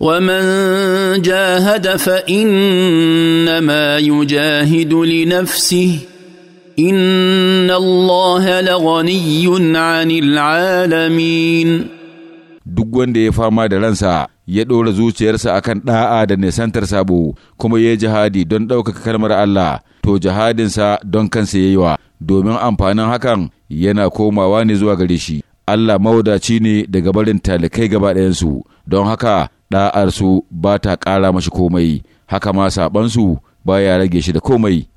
ومن جاهد فانما يجاهد لنفسه ان الله لغني عن العالمين duk wanda ya fama da ransa ya ɗora zuciyarsa akan ɗa'a da nisantar sabo kuma ya jihadi don ɗaukaka kalmar Allah to jihadinsa don kansa ya yi wa domin amfanin hakan yana komawa ne zuwa gare shi Allah mawadaci ne daga barin talikai gaba ɗayansu don haka ɗa'arsu ba ta ƙara mashi komai haka ma sabansu ba ya rage shi da komai